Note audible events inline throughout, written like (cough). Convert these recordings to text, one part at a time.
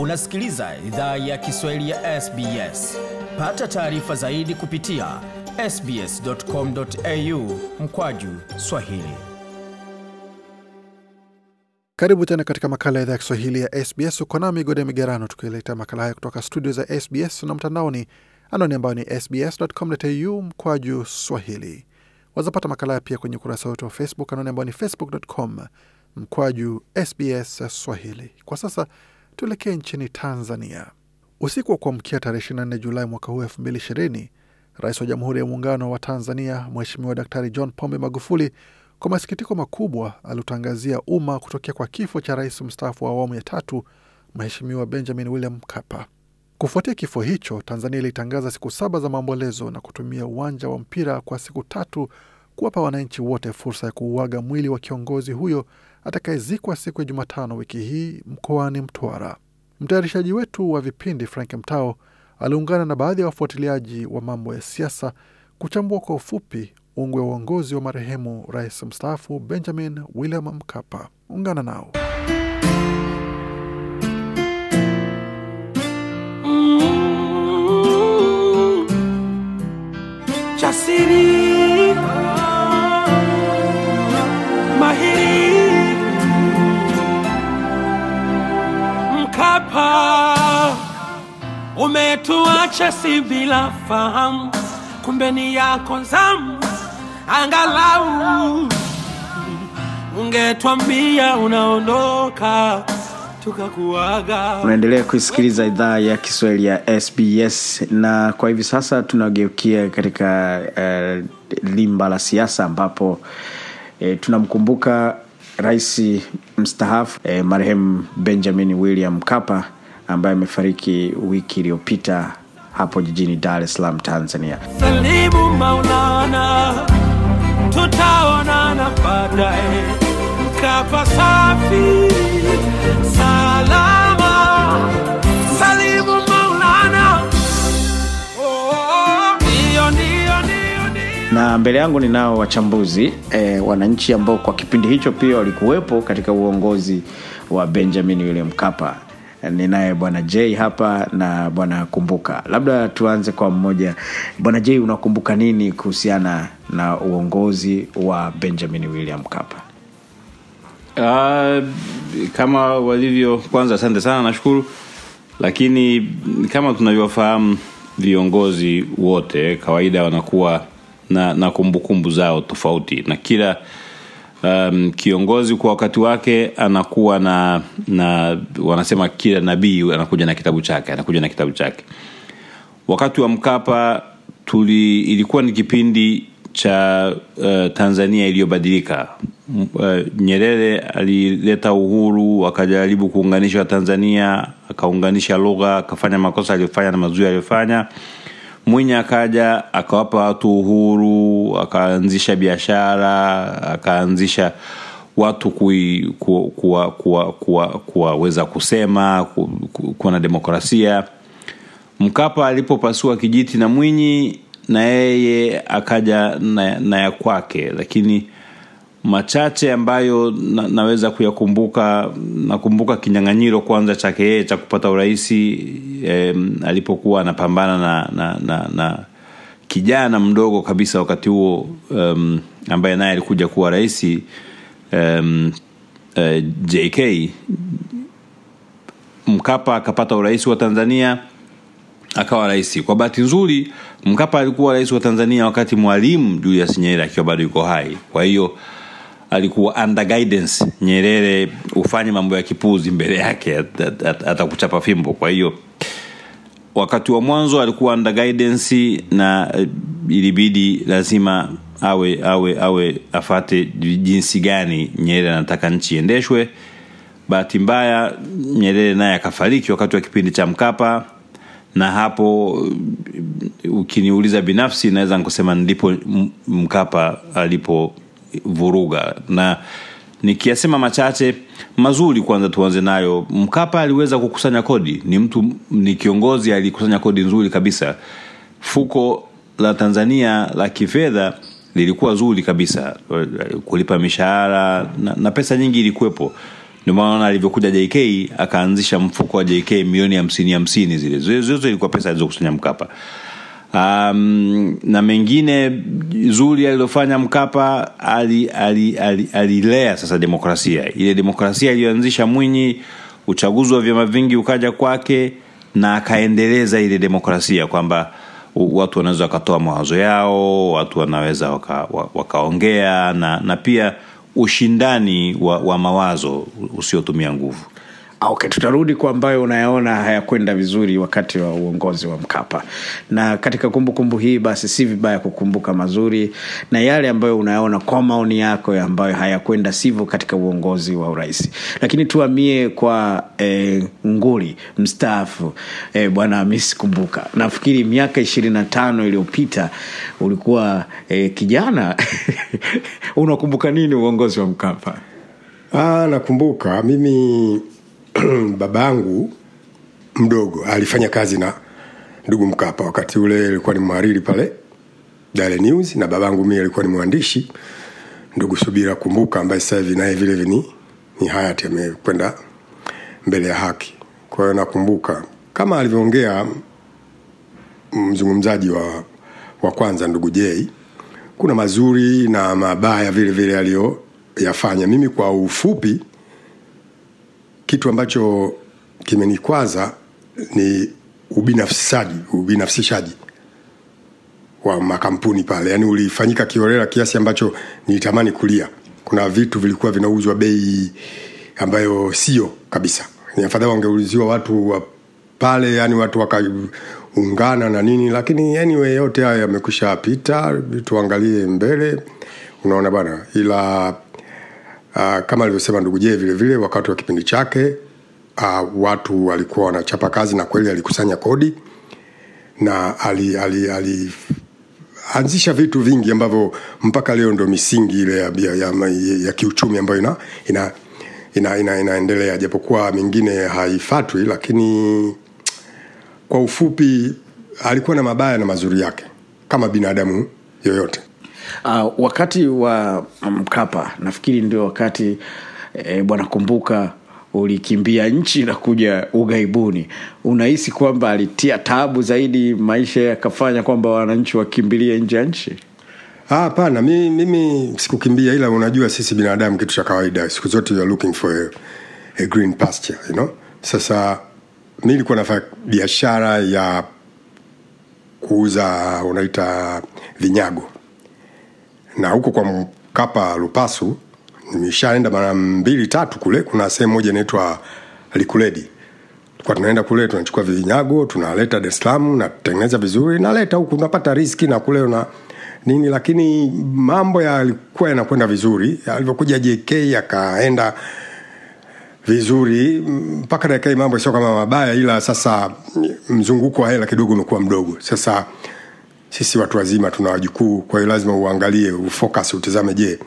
Unasikiliza idhaa ya Kiswahili ya SBS. Pata taarifa zaidi kupitia sbs.com.au mkwaju swahili. Karibu tena katika makala ya idhaa ya Kiswahili ya SBS. Uko nami Gode Migerano, tukiletea makala haya kutoka studio za SBS na mtandaoni, anaoni ambayo ni sbs.com.au mkwaju swahili. Wazapata makala haya pia kwenye ukurasa wetu wa Facebook, anaoni ambayo ni facebook.com mkwaju sbs swahili. Kwa sasa Tuelekee nchini Tanzania. Usiku wa kuamkia tarehe 24 Julai mwaka huu 2020, Rais wa Jamhuri ya Muungano wa Tanzania Mheshimiwa Daktari John Pombe Magufuli kwa masikitiko makubwa aliutangazia umma kutokea kwa kifo cha rais mstaafu wa awamu ya tatu Mheshimiwa Benjamin William Mkapa. Kufuatia kifo hicho, Tanzania ilitangaza siku saba za maombolezo na kutumia uwanja wa mpira kwa siku tatu kuwapa wananchi wote fursa ya kuuaga mwili wa kiongozi huyo atakayezikwa siku ya Jumatano wiki hii mkoani Mtwara. Mtayarishaji wetu wa vipindi Frank Mtao aliungana na baadhi ya wafuatiliaji wa mambo ya siasa kuchambua kwa ufupi ungwe wa uongozi wa marehemu rais mstaafu Benjamin William Mkapa. Ungana nao. umetuacha si bila fahamu, kumbe ni yako zamu. Angalau ungetwambia unaondoka Unaendelea kuisikiliza idhaa ya Kiswahili ya SBS na kwa hivi sasa tunageukia katika uh, limba la siasa ambapo eh, tunamkumbuka rais mstaafu eh, marehemu Benjamin William Mkapa ambaye amefariki wiki iliyopita hapo jijini Dar es Salaam, Tanzania. Salimu Maulana, tutaonana baadaye. Mkapa safi salama, salimu Maulana. Na mbele yangu ninao wachambuzi e, wananchi ambao kwa kipindi hicho pia walikuwepo katika uongozi wa Benjamin William kapa ninaye bwana J hapa na bwana Kumbuka. Labda tuanze kwa mmoja. Bwana J, unakumbuka nini kuhusiana na uongozi wa Benjamin William kapa Uh, kama walivyo, kwanza asante sana, nashukuru. Lakini kama tunavyofahamu viongozi wote kawaida wanakuwa na kumbukumbu kumbu zao tofauti na kila um, kiongozi kwa wakati wake anakuwa na na wanasema kila nabii anakuja na kitabu chake anakuja na kitabu chake wakati wa mkapa tuli ilikuwa ni kipindi cha uh, tanzania iliyobadilika uh, nyerere alileta uhuru akajaribu kuunganisha tanzania akaunganisha lugha akafanya makosa aliyofanya na mazuri aliyofanya Mwinyi akaja akawapa watu uhuru, akaanzisha biashara, akaanzisha watu kuwaweza ku, kuwa, kuwa, kuwa, kusema ku, ku, kuwa na demokrasia. Mkapa alipopasua kijiti na Mwinyi, na yeye akaja na, na ya kwake, lakini machache ambayo na, naweza kuyakumbuka nakumbuka kinyang'anyiro kwanza chake yeye cha kupata urahisi eh, alipokuwa anapambana na, na, na, na kijana mdogo kabisa wakati huo um, ambaye naye alikuja kuwa rahisi um, uh, eh, jk mkapa akapata urahisi wa tanzania akawa rahisi kwa bahati nzuri mkapa alikuwa rahisi wa tanzania wakati mwalimu julius nyerere akiwa bado yuko hai kwa hiyo alikuwa under guidance nyerere ufanye mambo ya kipuzi mbele yake atakuchapa at, at, at fimbo kwa hiyo wakati wa mwanzo alikuwa under guidance na eh, ilibidi lazima awe awe awe afate jinsi gani nyerere anataka nchi iendeshwe bahati mbaya nyerere naye akafariki wakati wa kipindi cha mkapa na hapo ukiniuliza binafsi naweza nikusema ndipo mkapa alipo vuruga na nikiyasema machache mazuri kwanza tuanze nayo mkapa aliweza kukusanya kodi ni mtu ni kiongozi alikusanya kodi nzuri kabisa fuko la tanzania la kifedha lilikuwa zuri kabisa kulipa mishahara na, na pesa nyingi ilikuwepo ndio maana alivyokuja jk akaanzisha mfuko wa jk milioni hamsini hamsini zile zote ilikuwa pesa alizokusanya mkapa um, na mengine zuri alilofanya Mkapa alilea ali, ali, ali sasa demokrasia ile demokrasia iliyoanzisha Mwinyi, uchaguzi wa vyama vingi ukaja kwake na akaendeleza ile demokrasia kwamba watu wanaweza wakatoa mawazo yao, watu wanaweza waka, wakaongea na, na pia ushindani wa, wa mawazo usiotumia nguvu. Ah, okay tutarudi kwa ambayo unayaona hayakwenda vizuri wakati wa uongozi wa mkapa na katika kumbukumbu kumbu hii basi si vibaya kukumbuka mazuri na yale ambayo unayaona kwa maoni yako ambayo hayakwenda sivyo katika uongozi wa urais lakini tuamie kwa eh, nguli mstaafu eh, bwana hamisi kumbuka nafikiri miaka ishirini na tano iliyopita ulikuwa eh, kijana (laughs) unakumbuka nini uongozi wa mkapa Ah, nakumbuka mimi (clears throat) babangu mdogo alifanya kazi na ndugu mkapa wakati ule ilikuwa ni mhariri pale Dale News na babangu mimi alikuwa ni mwandishi ndugu Subira Kumbuka ambaye sasa hivi naye vile vile ni, ni hayati amekwenda mbele ya haki. Kwa hiyo nakumbuka kama alivyoongea mzungumzaji wa, wa kwanza ndugu J, kuna mazuri na mabaya vile vile aliyoyafanya. Mimi kwa ufupi kitu ambacho kimenikwaza ni ubinafsishaji ubinafsishaji wa makampuni pale yani ulifanyika kiorera kiasi ambacho nilitamani kulia kuna vitu vilikuwa vinauzwa bei ambayo sio kabisa ni afadhali wangeuliziwa watu wa pale yani watu wakaungana na nini lakini anyway yote haya yamekwisha pita tuangalie mbele unaona bana ila uh, kama alivyosema ndugu jee vilevile wakati wa kipindi chake uh, watu walikuwa wanachapa kazi na kweli alikusanya kodi na alianzisha ali, ali, ali vitu vingi ambavyo mpaka leo ndo misingi ile ya, ya, ya, ya kiuchumi ambayo ina, ina, ina, ina, inaendelea japokuwa mingine haifatwi lakini kwa ufupi alikuwa na mabaya na mazuri yake kama binadamu yoyote uh, wakati wa mm, mkapa nafikiri ndio wakati e, bwana kumbuka ulikimbia nchi na kuja ughaibuni unahisi kwamba alitia tabu zaidi maisha yakafanya kwamba wananchi wakimbilie nje ya nchi ah, hapana mimi, mimi sikukimbia ila unajua sisi binadamu kitu cha kawaida siku zote you are looking for a, a green pasture you know? sasa mi ilikuwa nafanya biashara ya kuuza unaita vinyago na huko kwa mkapa lupasu nimeshaenda mara mbili tatu kule kuna sehemu moja inaitwa likuledi kwa tunaenda kule tunachukua vinyago tunaleta dar salaam natengeneza vizuri naleta huku unapata riski na kule una nini lakini mambo yalikuwa yanakwenda vizuri alivyokuja jk akaenda vizuri mpaka dakika mambo sio kama mabaya ila sasa mzunguko wa hela kidogo umekuwa mdogo sasa sisi watu wazima tuna wajukuu kwa hiyo lazima uangalie ufocus utazame, je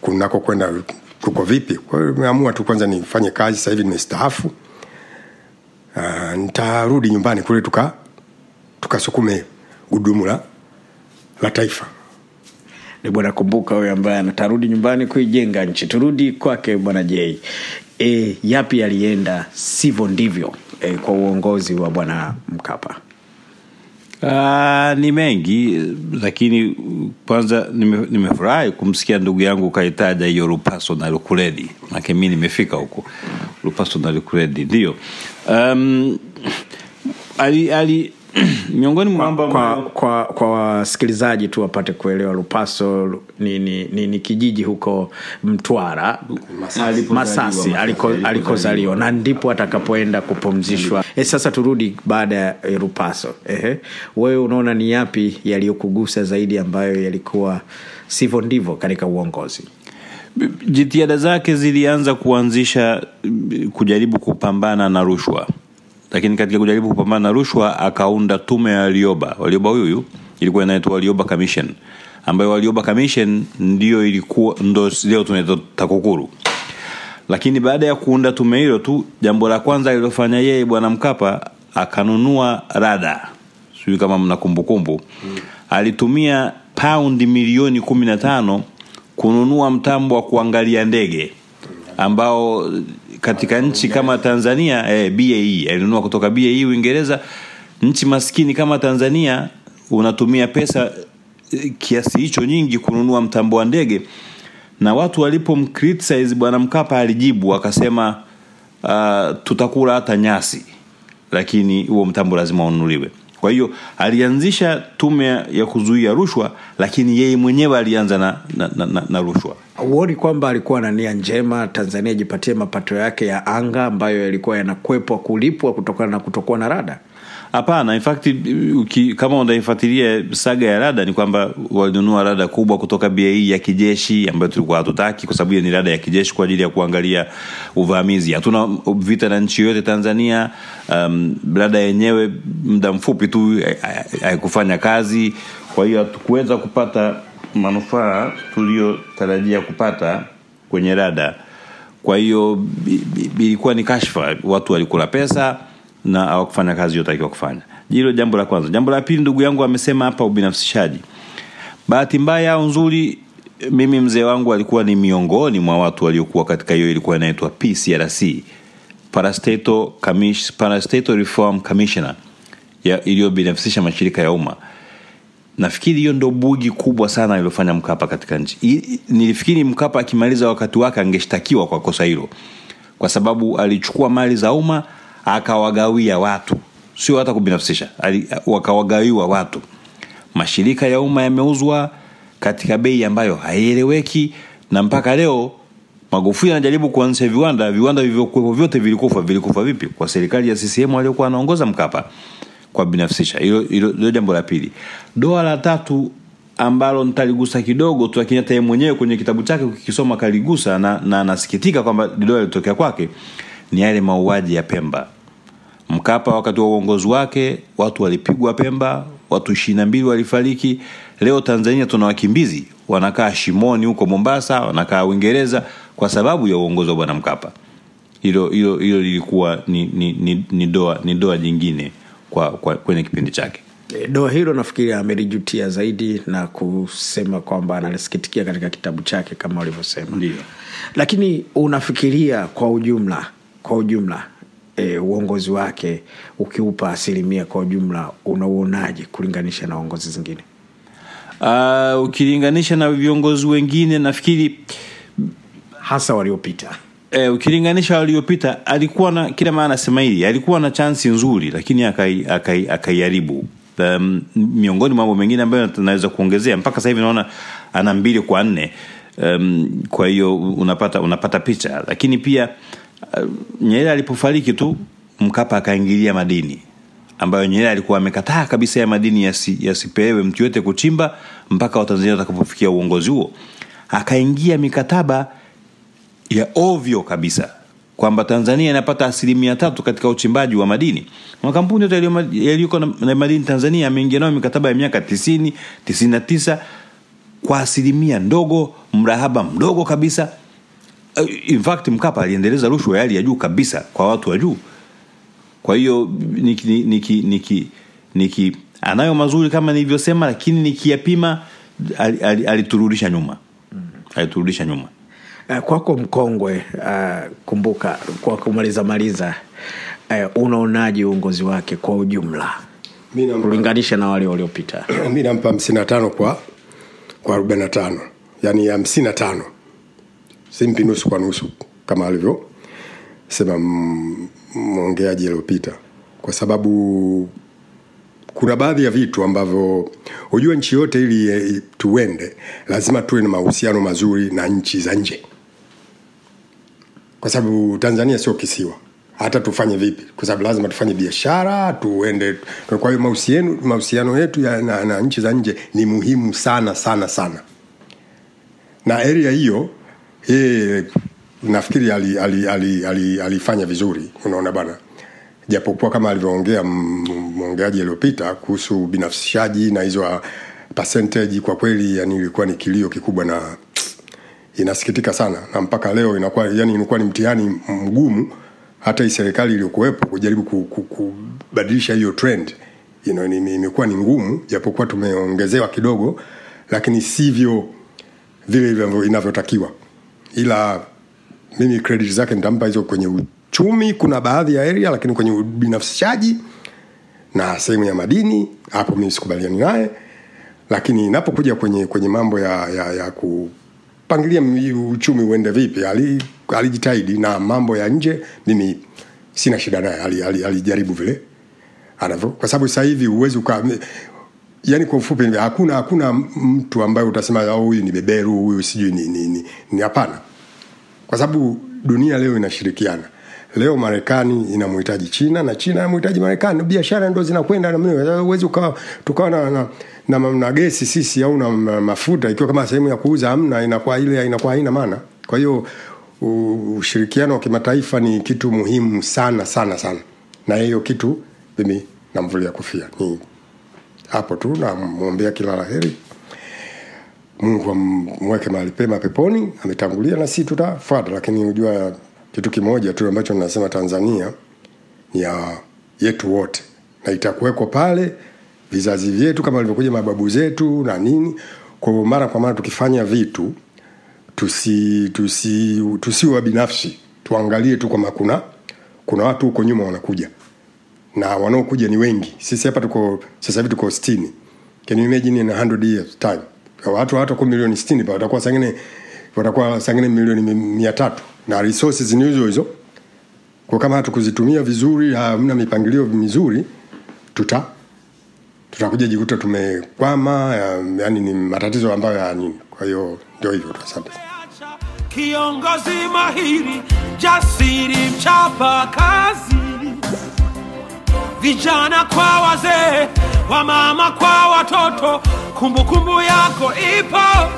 kunako kwenda kuko vipi kwa hiyo nimeamua tu kwanza nifanye kazi sasa hivi nimestaafu uh, nitarudi nyumbani kule tuka tukasukume gudumu la la taifa ni bwana kumbuka huyo ambaye anatarudi nyumbani kuijenga nchi turudi kwake bwana j e, yapi yalienda sivyo ndivyo e, kwa uongozi wa bwana mkapa Uh, ni mengi lakini kwanza nimefurahi nime kumsikia ndugu yangu kaitaja hiyo lupaso na lukuredi manake mi nimefika huko lupaso na lukuredi ndio um, ali, ali miongoni mwa kwa, kwa, kwa, kwa wasikilizaji tu wapate kuelewa lupaso ni, ni, ni, ni kijiji huko mtwara masasi, masasi alikozaliwa na ndipo atakapoenda kupumzishwa e, sasa turudi baada ya e, lupaso Ehe. wewe unaona ni yapi yaliyokugusa zaidi ambayo yalikuwa sivyo ndivyo katika uongozi jitihada zake zilianza kuanzisha kujaribu kupambana na rushwa lakini katika kujaribu kupambana na rushwa akaunda tume ya Warioba. Warioba huyu ilikuwa inaitwa Warioba Commission, ambayo Warioba Commission ndio ilikuwa ndo leo tunaita TAKUKURU. Lakini baada ya kuunda tume hilo tu, jambo la kwanza alilofanya yeye Bwana Mkapa akanunua rada, sijui kama mna kumbukumbu mm. alitumia paundi milioni kumi na tano kununua mtambo wa kuangalia ndege ambao katika nchi kama Tanzania eh, BAE alinunua kutoka BAE Uingereza. Nchi maskini kama Tanzania unatumia pesa eh, kiasi hicho nyingi kununua mtambo wa ndege, na watu walipomcriticize Bwana Mkapa alijibu akasema, uh, tutakula hata nyasi, lakini huo mtambo lazima ununuliwe. Kwa hiyo alianzisha tume ya kuzuia rushwa, lakini yeye mwenyewe alianza na, na, na, na, na rushwa. Huoni kwamba alikuwa na nia njema Tanzania ijipatie mapato yake ya anga ambayo yalikuwa yanakwepwa kulipwa kutokana na kutokuwa na rada? Hapana, in fact kama unaifuatilia saga ya rada ni kwamba walinunua rada kubwa kutoka ba e ya kijeshi ambayo tulikuwa hatutaki, kwa sababu ni rada ya kijeshi kwa ajili ya kuangalia uvamizi. Hatuna vita na nchi yoyote Tanzania. Um, rada yenyewe muda mfupi tu eh, eh, eh, haikufanya kazi, kwa hiyo hatukuweza kupata manufaa tuliyotarajia kupata kwenye rada. Kwa hiyo ilikuwa ni kashfa, watu walikula pesa na awakufanya kazi yotakiwa kufanya hilo jambo la kwanza jambo la pili ndugu yangu amesema hapa ubinafsishaji bahati mbaya au nzuri mimi mzee wangu alikuwa ni miongoni mwa watu waliokuwa katika hiyo ilikuwa inaitwa pcrc parastato, Kamish, parastato reform commissioner iliyobinafsisha mashirika ya umma nafikiri hiyo ndo bugi kubwa sana alilofanya mkapa katika nchi nilifikiri mkapa akimaliza wakati wake angeshtakiwa kwa kosa hilo kwa sababu alichukua mali za umma akawagawia watu sio hata kubinafsisha wakawagawiwa watu mashirika ya umma yameuzwa katika bei ambayo haieleweki na mpaka leo magufuli anajaribu kuanzisha viwanda viwanda vilivyokuwepo vyote vilikufa vilikufa vipi kwa serikali ya ccm aliyokuwa anaongoza mkapa kwa binafsisha hilo jambo la pili doa la tatu ambalo nitaligusa kidogo tu lakini hata mwenyewe kwenye kitabu chake ukikisoma kaligusa na anasikitika na kwamba doa lilitokea kwake ni yale mauaji ya pemba Mkapa wakati wa uongozi wake watu walipigwa Pemba, watu ishirini mbili walifariki. Leo Tanzania tuna wakimbizi wanakaa Shimoni huko Mombasa, wanakaa Uingereza kwa sababu ya uongozi wa Bwana Mkapa. Hilo hilo hilo lilikuwa ni, ni, ni, ni doa ni doa jingine kwa, kwa kwenye kipindi chake. E, doa hilo nafikiri amelijutia zaidi na kusema kwamba analisikitikia katika kitabu chake kama ulivyosema, ndio. Lakini unafikiria kwa ujumla, kwa ujumla e, uongozi wake ukiupa asilimia kwa ujumla unauonaje kulinganisha na uongozi zingine uh, ukilinganisha na viongozi wengine nafikiri hasa waliopita E, ukilinganisha waliopita alikuwa na kila maana nasema hili alikuwa na chansi nzuri lakini akaiharibu akai, um, miongoni mambo mengine ambayo naweza kuongezea mpaka sasa hivi naona ana mbili kwa nne um, kwa hiyo unapata unapata picha lakini pia uh, Uh, Nyerere alipofariki tu Mkapa akaingilia madini ambayo Nyerere alikuwa amekataa kabisa ya madini yasi, yasipewe mtu yote kuchimba mpaka Watanzania watakapofikia uongozi huo. Akaingia mikataba ya ovyo kabisa kwamba Tanzania inapata asilimia tatu katika uchimbaji wa madini. Makampuni yote yaliyoko na madini Tanzania ameingia nayo mikataba ya miaka tisini, tisini na tisa kwa asilimia ndogo, mrahaba mdogo kabisa Eh, in fact mkapa aliendeleza rushwa yali ya juu kabisa kwa watu wa juu kwa hiyo niki, niki, niki, niki anayo mazuri kama nilivyosema lakini nikiyapima aliturudisha ali, ali nyuma aliturudisha nyuma mhm. eh, kwako mkongwe uh, kumbuka kwa kumaliza maliza uh, unaonaje uongozi wake kwa ujumla kulinganisha na wale waliopita (clears throat) mi nampa 55 kwa kwa 45 yani 55 simpi nusu kwa nusu kama alivyosema mwongeaji aliyopita kwa sababu kuna baadhi ya vitu ambavyo hujua nchi yote ili eh, tuende lazima tuwe na mahusiano mazuri na nchi za nje kwa sababu tanzania sio kisiwa hata tufanye vipi kwa sababu lazima tufanye biashara tuende kwa hiyo mahusiano, mahusiano yetu ya, na, na nchi za nje ni muhimu sana sana sana na eria hiyo yeye nafikiri ali, ali, ali, ali, alifanya vizuri unaona bana japokuwa kama alivyoongea mwongeaji aliyopita kuhusu binafsishaji na hizo ah, percentage kwa kweli yani ilikuwa ni kilio kikubwa na inasikitika sana na mpaka leo inakuwa yani inakuwa ni mtihani mgumu hata hii serikali iliyokuwepo kujaribu kubadilisha hiyo trend you know, imekuwa ni ngumu japokuwa tumeongezewa kidogo lakini sivyo vile inavyotakiwa ila mimi credit zake nitampa hizo kwenye uchumi kuna baadhi ya area lakini kwenye ubinafsishaji na sehemu ya madini hapo mimi sikubaliani naye lakini inapokuja kwenye kwenye mambo ya, ya, ya kupangilia uchumi uende vipi alijitahidi ali na mambo ya nje mimi sina shida naye alijaribu ali, ali, vile anavyo kwa sababu sasa hivi uwezi yani kwa ufupi hakuna hakuna mtu ambaye utasema ah, huyu ni beberu huyu sijui ni nini ni hapana kwa sababu dunia leo inashirikiana leo marekani inamhitaji china na china inamhitaji marekani biashara ndio zinakwenda na mimi. uwezi tukawa na, na, na, na, na gesi sisi au na mafuta ikiwa kama sehemu ya kuuza hamna, inakuwa ile inakuwa haina maana kwa hiyo ushirikiano wa kimataifa ni kitu muhimu sana sana sana na hiyo kitu mimi namvulia kofia ni hapo tu namwombea kila laheri mungu amweke mahali pema peponi ametangulia na si tutafuata lakini hujua kitu kimoja tu ambacho nasema tanzania ni ya yetu wote na itakuwekwa pale vizazi vyetu kama alivyokuja mababu zetu na nini kwa mara kwa mara tukifanya vitu tusiwa tusi, tusi, binafsi tuangalie tu kwama kuna kuna watu huko nyuma wanakuja na wanaokuja ni wengi sisi hapa tuko sasa hivi tuko 60 can you imagine in 100 years time watu hata kwa milioni 60 pa watakuwa sangine watakuwa sangine milioni 300 na resources ni hizo hizo kwa kama hatukuzitumia vizuri hamna mipangilio mizuri tuta tutakuja jikuta tumekwama um, yani ni matatizo ambayo ya nini kwa hiyo ndio hivyo asante kiongozi mahiri jasiri mchapa kazi vijana kwa wazee, wa mama kwa watoto, kumbukumbu kumbu yako ipo.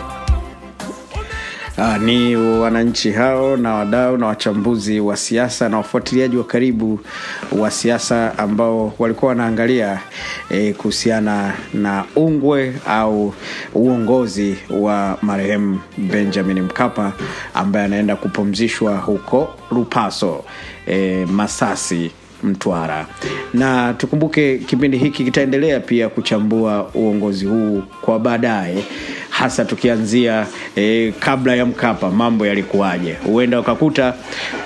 Aa, ah, ni wananchi hao na wadau na wachambuzi wa siasa na wafuatiliaji wa karibu wa siasa ambao walikuwa wanaangalia e, kuhusiana na ungwe au uongozi wa marehemu Benjamin Mkapa ambaye anaenda kupumzishwa huko rupaso e, Masasi Mtwara. Na tukumbuke kipindi hiki kitaendelea pia kuchambua uongozi huu kwa baadaye hasa tukianzia e, kabla ya Mkapa mambo yalikuwaje. Huenda ukakuta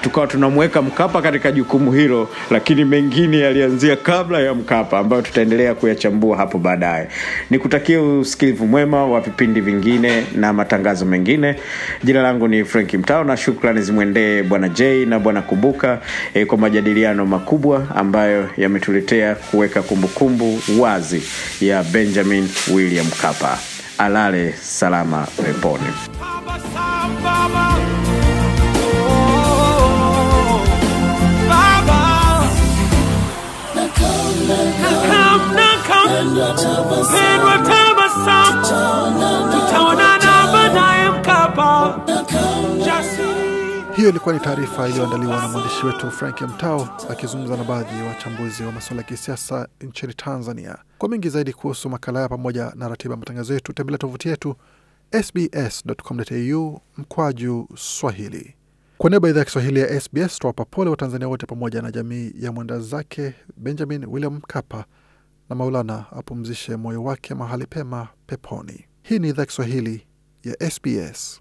tukawa tunamweka Mkapa katika jukumu hilo, lakini mengine yalianzia kabla ya Mkapa ambayo tutaendelea kuyachambua hapo baadaye. Nikutakia usikilivu mwema wa vipindi vingine na matangazo mengine. Jina langu ni Frank Mtao na shukrani zimwendee Bwana J na Bwana Kumbuka e, eh, kwa majadiliano makubwa ambayo yametuletea kuweka kumbukumbu wazi ya Benjamin William kapa alale salama peponi. Come, come, come, come, come, come, come, come, come, come, come, Hiyo ilikuwa ni taarifa iliyoandaliwa na mwandishi wetu Frank Mtao akizungumza na baadhi ya wachambuzi wa masuala ya kisiasa nchini Tanzania. Kwa mengi zaidi kuhusu makala haya pamoja na ratiba ya matangazo yetu, tembelea tovuti yetu sbs.com.au mkwaju Swahili. Kwa niaba ya idhaa ya Kiswahili ya SBS twawapa pole Watanzania wote pamoja na jamii ya mwenda zake Benjamin William Mkapa, na Maulana apumzishe moyo wake mahali pema peponi. Hii ni idhaa Kiswahili ya SBS.